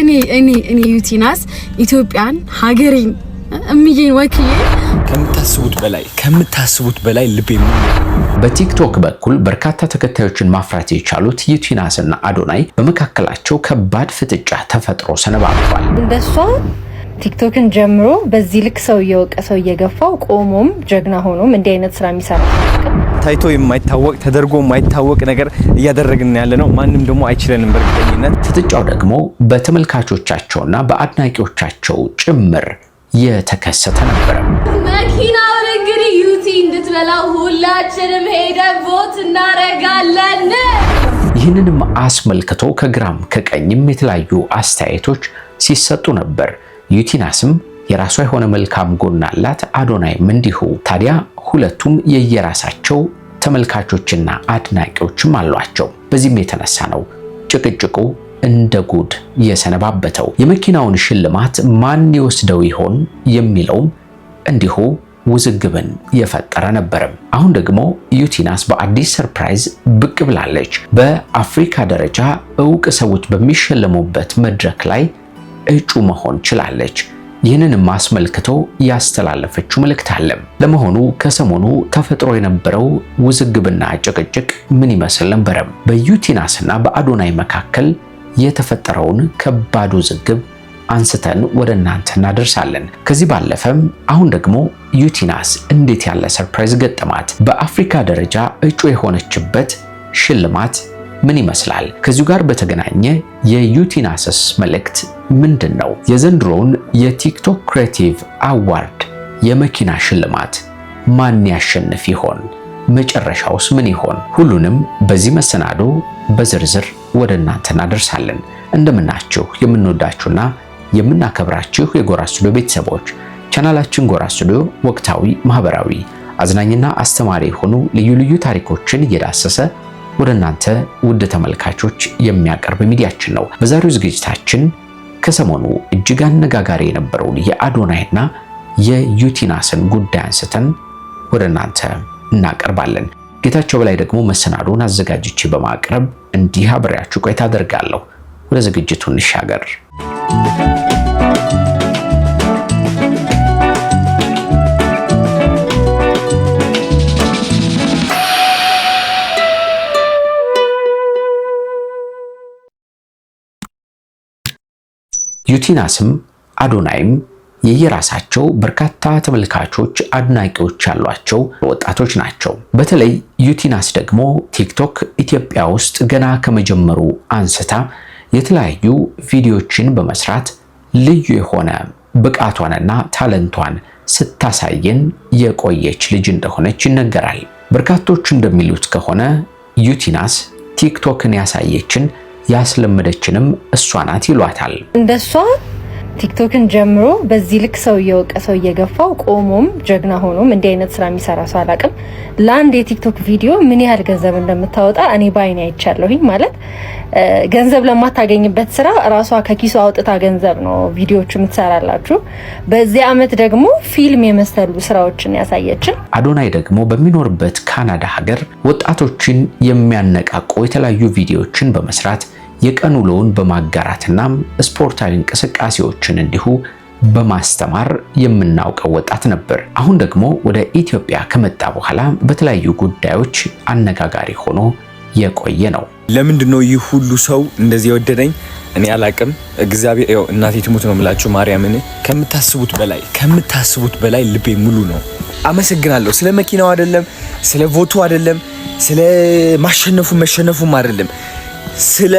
እኔ እኔ እኔ ዩቲናስ ኢትዮጵያን ሀገሬን እምዬን ወክዬ ከምታስቡት በላይ ከምታስቡት በላይ ልቤ በቲክቶክ በኩል በርካታ ተከታዮችን ማፍራት የቻሉት ዩቲናስና አዶናይ በመካከላቸው ከባድ ፍጥጫ ተፈጥሮ ሰነባብቷል። እንደሷ ቲክቶክን ጀምሮ በዚህ ልክ ሰው እየወቀ ሰው እየገፋው ቆሞም ጀግና ሆኖም እንዲህ አይነት ስራ የሚሰራ ታይቶ የማይታወቅ ተደርጎ የማይታወቅ ነገር እያደረግን ያለ ነው። ማንም ደግሞ አይችለንም በእርግጠኝነት። ፍጥጫው ደግሞ በተመልካቾቻቸውና በአድናቂዎቻቸው ጭምር የተከሰተ ነበረ። መኪናውን እንግዲህ ዩቲ እንድትበላው ሁላችንም ሄደን ቦት እናረጋለን። ይህንንም አስመልክቶ ከግራም ከቀኝም የተለያዩ አስተያየቶች ሲሰጡ ነበር። ዩቲናስም የራሷ የሆነ መልካም ጎን አላት፣ አዶናይም እንዲሁ። ታዲያ ሁለቱም የየራሳቸው ተመልካቾችና አድናቂዎችም አሏቸው። በዚህም የተነሳ ነው ጭቅጭቁ እንደ ጉድ የሰነባበተው። የመኪናውን ሽልማት ማን ይወስደው ይሆን የሚለውም እንዲሁ ውዝግብን የፈጠረ ነበርም። አሁን ደግሞ ዩቲናስ በአዲስ ሰርፕራይዝ ብቅ ብላለች። በአፍሪካ ደረጃ እውቅ ሰዎች በሚሸለሙበት መድረክ ላይ እጩ መሆን ችላለች። ይህንንም አስመልክቶ ያስተላለፈችው መልእክት አለ። ለመሆኑ ከሰሞኑ ተፈጥሮ የነበረው ውዝግብና ጭቅጭቅ ምን ይመስል ነበረ? በዩቲናስና በአዶናይ መካከል የተፈጠረውን ከባድ ውዝግብ አንስተን ወደ እናንተ እናደርሳለን። ከዚህ ባለፈም አሁን ደግሞ ዩቲናስ እንዴት ያለ ሰርፕራይዝ ገጠማት፣ በአፍሪካ ደረጃ እጩ የሆነችበት ሽልማት ምን ይመስላል? ከዚሁ ጋር በተገናኘ የዩቲናስስ መልእክት ምንድን ነው? የዘንድሮውን የቲክቶክ ክሬቲቭ አዋርድ የመኪና ሽልማት ማን ያሸንፍ ይሆን? መጨረሻውስ ምን ይሆን? ሁሉንም በዚህ መሰናዶ በዝርዝር ወደ እናንተ እናደርሳለን። እንደምናችሁ የምንወዳችሁና የምናከብራችሁ የጎራ ስቱዲዮ ቤተሰቦች ቻናላችን ጎራ ስቱዲዮ ወቅታዊ፣ ማህበራዊ፣ አዝናኝና አስተማሪ የሆኑ ልዩ ልዩ ታሪኮችን እየዳሰሰ ወደ እናንተ ውድ ተመልካቾች የሚያቀርብ ሚዲያችን ነው። በዛሬው ዝግጅታችን ከሰሞኑ እጅግ አነጋጋሪ የነበረውን የአዶናይና የዩቲናስን ጉዳይ አንስተን ወደ እናንተ እናቀርባለን። ጌታቸው በላይ ደግሞ መሰናዶን አዘጋጅቼ በማቅረብ እንዲህ አብሬያችሁ ቆይታ አደርጋለሁ። ወደ ዝግጅቱ እንሻገር። ዩቲናስም አዶናይም የየራሳቸው በርካታ ተመልካቾች፣ አድናቂዎች ያሏቸው ወጣቶች ናቸው። በተለይ ዩቲናስ ደግሞ ቲክቶክ ኢትዮጵያ ውስጥ ገና ከመጀመሩ አንስታ የተለያዩ ቪዲዮችን በመስራት ልዩ የሆነ ብቃቷንና ታለንቷን ስታሳየን የቆየች ልጅ እንደሆነች ይነገራል። በርካቶች እንደሚሉት ከሆነ ዩቲናስ ቲክቶክን ያሳየችን ያስለመደችንም እሷ ናት ይሏታል። እንደሷ ቲክቶክን ጀምሮ በዚህ ልክ ሰው ሰው እየገፋው ቆሞም ጀግና ሆኖም እንዲህ አይነት ስራ የሚሰራ ሰው አላውቅም። ለአንድ የቲክቶክ ቪዲዮ ምን ያህል ገንዘብ እንደምታወጣ እኔ በአይኔ አይቻለሁኝ። ማለት ገንዘብ ለማታገኝበት ስራ ራሷ ከኪሷ አውጥታ ገንዘብ ነው ቪዲዮቹ የምትሰራላችሁ። በዚህ አመት ደግሞ ፊልም የመሰሉ ስራዎችን ያሳየችን። አዶናይ ደግሞ በሚኖርበት ካናዳ ሀገር ወጣቶችን የሚያነቃቁ የተለያዩ ቪዲዮዎችን በመስራት የቀን ውሎውን በማጋራትና ስፖርታዊ እንቅስቃሴዎችን እንዲሁ በማስተማር የምናውቀው ወጣት ነበር። አሁን ደግሞ ወደ ኢትዮጵያ ከመጣ በኋላ በተለያዩ ጉዳዮች አነጋጋሪ ሆኖ የቆየ ነው። ለምንድን ነው ይህ ሁሉ ሰው እንደዚህ የወደደኝ? እኔ አላቅም። እግዚአብሔር ያው እናቴ ትሙት ነው የምላችሁ ማርያምን። ከምታስቡት በላይ ከምታስቡት በላይ ልቤ ሙሉ ነው። አመሰግናለሁ። ስለ መኪናው አይደለም፣ ስለ ቮቱ አይደለም፣ ስለ ማሸነፉ መሸነፉም አይደለም ስለ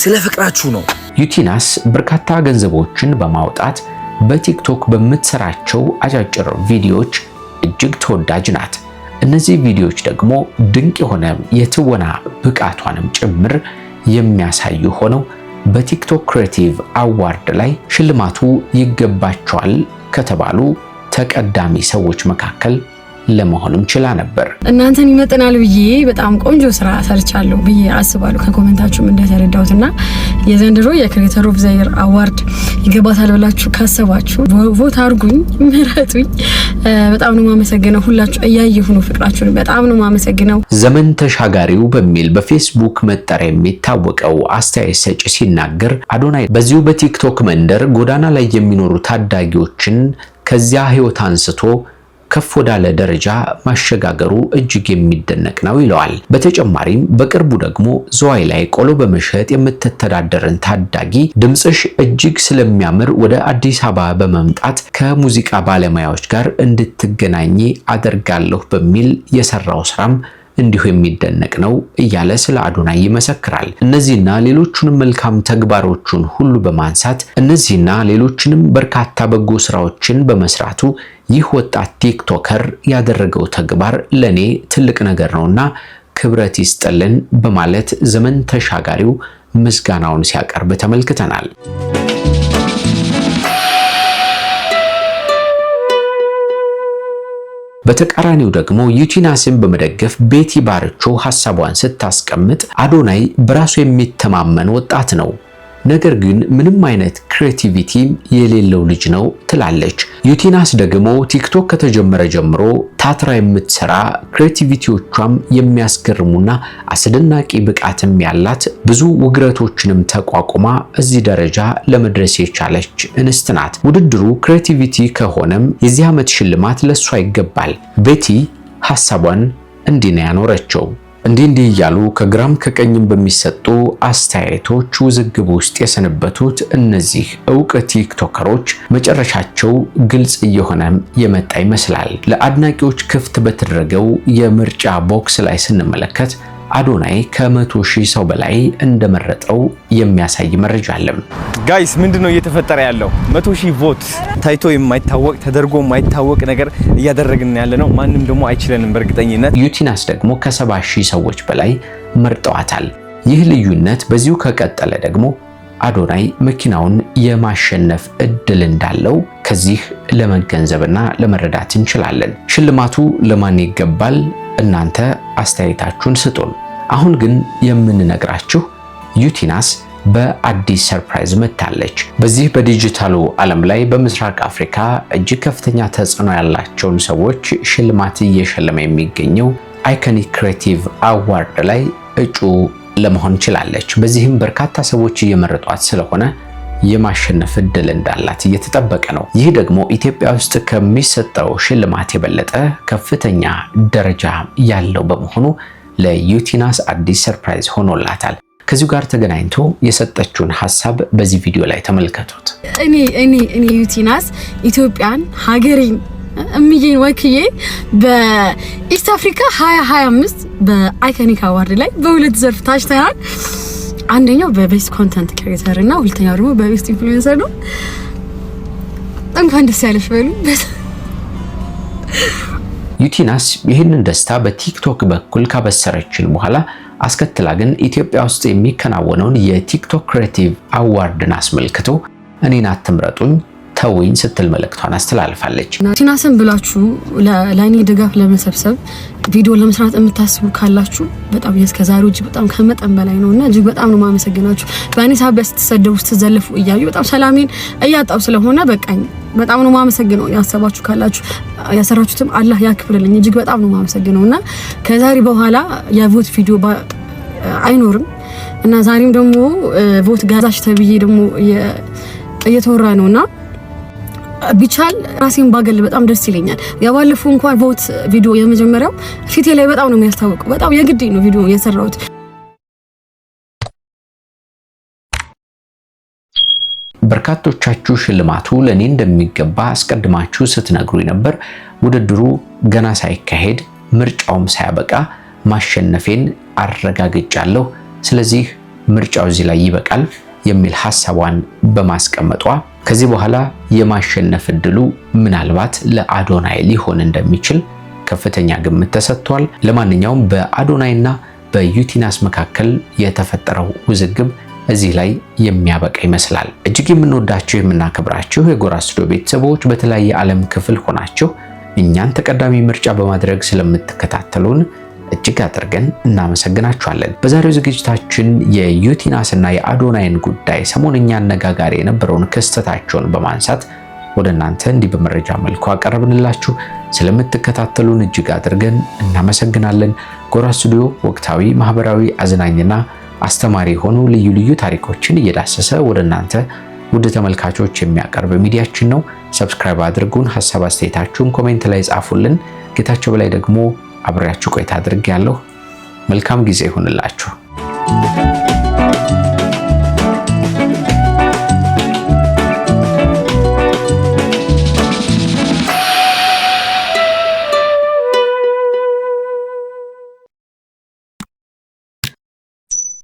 ስለ ፍቅራችሁ ነው። ዩቲናስ በርካታ ገንዘቦችን በማውጣት በቲክቶክ በምትሰራቸው አጫጭር ቪዲዮዎች እጅግ ተወዳጅ ናት። እነዚህ ቪዲዮዎች ደግሞ ድንቅ የሆነ የትወና ብቃቷንም ጭምር የሚያሳዩ ሆነው በቲክቶክ ክሬቲቭ አዋርድ ላይ ሽልማቱ ይገባቸዋል ከተባሉ ተቀዳሚ ሰዎች መካከል ለመሆኑም ችላ ነበር። እናንተን ይመጥናል ብዬ በጣም ቆንጆ ስራ ሰርቻለሁ ብዬ አስባለሁ። ከኮሜንታችሁም እንደተረዳሁት የዘንድሮ የክሬተር ኦፍ ዘይር አዋርድ ይገባታል ብላችሁ ካሰባችሁ ቮት አርጉኝ፣ ምረጡኝ። በጣም ነው ማመሰግነው። ሁላችሁ እያየሁ ነው ፍቅራችሁን። በጣም ነው ማመሰግነው። ዘመን ተሻጋሪው በሚል በፌስቡክ መጠሪያ የሚታወቀው አስተያየት ሰጪ ሲናገር አዶናይ በዚሁ በቲክቶክ መንደር ጎዳና ላይ የሚኖሩ ታዳጊዎችን ከዚያ ህይወት አንስቶ ከፍ ወዳለ ደረጃ ማሸጋገሩ እጅግ የሚደነቅ ነው ይለዋል። በተጨማሪም በቅርቡ ደግሞ ዝዋይ ላይ ቆሎ በመሸጥ የምትተዳደርን ታዳጊ ድምፅሽ እጅግ ስለሚያምር ወደ አዲስ አበባ በመምጣት ከሙዚቃ ባለሙያዎች ጋር እንድትገናኝ አደርጋለሁ በሚል የሰራው ስራም እንዲሁ የሚደነቅ ነው እያለ ስለ አዶናይ ይመሰክራል። እነዚህና ሌሎቹንም መልካም ተግባሮቹን ሁሉ በማንሳት እነዚህና ሌሎችንም በርካታ በጎ ስራዎችን በመስራቱ ይህ ወጣት ቲክቶከር ያደረገው ተግባር ለእኔ ትልቅ ነገር ነውና ክብረት ይስጥልን በማለት ዘመን ተሻጋሪው ምስጋናውን ሲያቀርብ ተመልክተናል። በተቃራኒው ደግሞ ዩቲናስን በመደገፍ ቤቲ ባርቾ ሐሳቧን ስታስቀምጥ አዶናይ በራሱ የሚተማመን ወጣት ነው። ነገር ግን ምንም አይነት ክሬቲቪቲም የሌለው ልጅ ነው ትላለች። ዩቲናስ ደግሞ ቲክቶክ ከተጀመረ ጀምሮ ታትራ የምትሰራ ክሬቲቪቲዎቿም የሚያስገርሙና አስደናቂ ብቃትም ያላት ብዙ ውግረቶችንም ተቋቁማ እዚህ ደረጃ ለመድረስ የቻለች እንስት ናት። ውድድሩ ክሬቲቪቲ ከሆነም የዚህ ዓመት ሽልማት ለእሷ ይገባል። ቤቲ ሀሳቧን እንዲህ ነው ያኖረችው። እንዲህ እንዲህ እያሉ ከግራም ከቀኝም በሚሰጡ አስተያየቶች ውዝግብ ውስጥ የሰነበቱት እነዚህ እውቅ ቲክቶከሮች መጨረሻቸው ግልጽ እየሆነ የመጣ ይመስላል። ለአድናቂዎች ክፍት በተደረገው የምርጫ ቦክስ ላይ ስንመለከት አዶናይ ከመቶ ሺህ ሰው በላይ እንደመረጠው የሚያሳይ መረጃ አለ። ጋይስ ምንድን ነው እየተፈጠረ ያለው? መቶ ሺህ ቮት ታይቶ የማይታወቅ ተደርጎ የማይታወቅ ነገር እያደረግን ያለ ነው። ማንም ደግሞ አይችለንም በእርግጠኝነት። ዩቲናስ ደግሞ ከሰባ ሺህ ሰዎች በላይ መርጠዋታል። ይህ ልዩነት በዚሁ ከቀጠለ ደግሞ አዶናይ መኪናውን የማሸነፍ እድል እንዳለው ከዚህ ለመገንዘብና ለመረዳት እንችላለን። ሽልማቱ ለማን ይገባል? እናንተ አስተያየታችሁን ስጡን። አሁን ግን የምንነግራችሁ ዩቲናስ በአዲስ ሰርፕራይዝ መታለች በዚህ በዲጂታሉ ዓለም ላይ በምስራቅ አፍሪካ እጅግ ከፍተኛ ተጽዕኖ ያላቸውን ሰዎች ሽልማት እየሸለመ የሚገኘው አይኮኒክ ክሬቲቭ አዋርድ ላይ እጩ ለመሆን ችላለች። በዚህም በርካታ ሰዎች እየመረጧት ስለሆነ የማሸነፍ እድል እንዳላት እየተጠበቀ ነው። ይህ ደግሞ ኢትዮጵያ ውስጥ ከሚሰጠው ሽልማት የበለጠ ከፍተኛ ደረጃ ያለው በመሆኑ ለዩቲናስ አዲስ ሰርፕራይዝ ሆኖላታል። ከዚሁ ጋር ተገናኝቶ የሰጠችውን ሀሳብ በዚህ ቪዲዮ ላይ ተመልከቱት። እኔ እኔ እኔ ዩቲናስ ኢትዮጵያን ሀገሬን እምዬን ወክዬ በኢስት አፍሪካ 2025 በአይኮኒክ አዋርድ ላይ በሁለት ዘርፍ ታጭተናል። አንደኛው በቤስት ኮንተንት ክሬተር እና ሁለተኛው ደግሞ በቤስት ኢንፍሉዌንሰር ነው። እንኳን ደስ ያለሽ በሉ። ዩቲናስ ይህንን ደስታ በቲክቶክ በኩል ካበሰረችን በኋላ አስከትላ ግን ኢትዮጵያ ውስጥ የሚከናወነውን የቲክቶክ ክሬቲቭ አዋርድን አስመልክቶ እኔን አትምረጡኝ ተውኝ ስትል መልእክቷን አስተላልፋለች። ቲናስን ብላችሁ ለእኔ ድጋፍ ለመሰብሰብ ቪዲዮ ለመስራት የምታስቡ ካላችሁ በጣም እስከዛሬው እጅግ በጣም ከመጠን በላይ ነው እና እጅግ በጣም ነው ማመሰግናችሁ። በእኔ ሳቢያ ስትሰደቡ ስትዘልፉ እያዩ በጣም ሰላሜን እያጣው ስለሆነ በቃኝ። በጣም ነው ማመሰግነው። ያሰባችሁ ካላችሁ ያሰራችሁትም አላህ ያክፍልልኝ። እጅግ በጣም ነው ማመሰግነው እና ከዛሬ በኋላ የቮት ቪዲዮ አይኖርም እና ዛሬም ደግሞ ቮት ጋዛሽ ተብዬ ደግሞ እየተወራ እና ቢቻል ራሴን ባገል በጣም ደስ ይለኛል። የባለፈው እንኳን ቮት ቪዲዮ የመጀመሪያው ፊቴ ላይ በጣም ነው የሚያስታውቀው። በጣም የግዴ ነው ቪዲዮ የሰራሁት። በርካቶቻችሁ ሽልማቱ ለእኔ እንደሚገባ አስቀድማችሁ ስትነግሩ ነበር። ውድድሩ ገና ሳይካሄድ ምርጫውም ሳያበቃ ማሸነፌን አረጋግጫለሁ። ስለዚህ ምርጫው እዚህ ላይ ይበቃል የሚል ሀሳቧን በማስቀመጧ ከዚህ በኋላ የማሸነፍ እድሉ ምናልባት ለአዶናይ ሊሆን እንደሚችል ከፍተኛ ግምት ተሰጥቷል። ለማንኛውም በአዶናይና በዩቲናስ መካከል የተፈጠረው ውዝግብ እዚህ ላይ የሚያበቃ ይመስላል። እጅግ የምንወዳችሁ የምናከብራችሁ የጎራ ስቱዲዮ ቤተሰቦች በተለያየ ዓለም ክፍል ሆናችሁ እኛን ተቀዳሚ ምርጫ በማድረግ ስለምትከታተሉን እጅግ አድርገን እናመሰግናችኋለን። በዛሬው ዝግጅታችን የዩቲናስና የአዶናይን ጉዳይ ሰሞነኛ አነጋጋሪ የነበረውን ክስተታቸውን በማንሳት ወደ እናንተ እንዲህ በመረጃ መልኩ አቀረብንላችሁ። ስለምትከታተሉን እጅግ አድርገን እናመሰግናለን። ጎራ ስቱዲዮ ወቅታዊ፣ ማህበራዊ፣ አዝናኝና አስተማሪ የሆኑ ልዩ ልዩ ታሪኮችን እየዳሰሰ ወደ እናንተ ውድ ተመልካቾች የሚያቀርብ ሚዲያችን ነው። ሰብስክራይብ አድርጉን። ሀሳብ አስተያየታችሁን ኮሜንት ላይ ጻፉልን። ጌታቸው በላይ ደግሞ አብሬያችሁ ቆይታ አድርጌያለሁ። መልካም ጊዜ ይሁንላችሁ።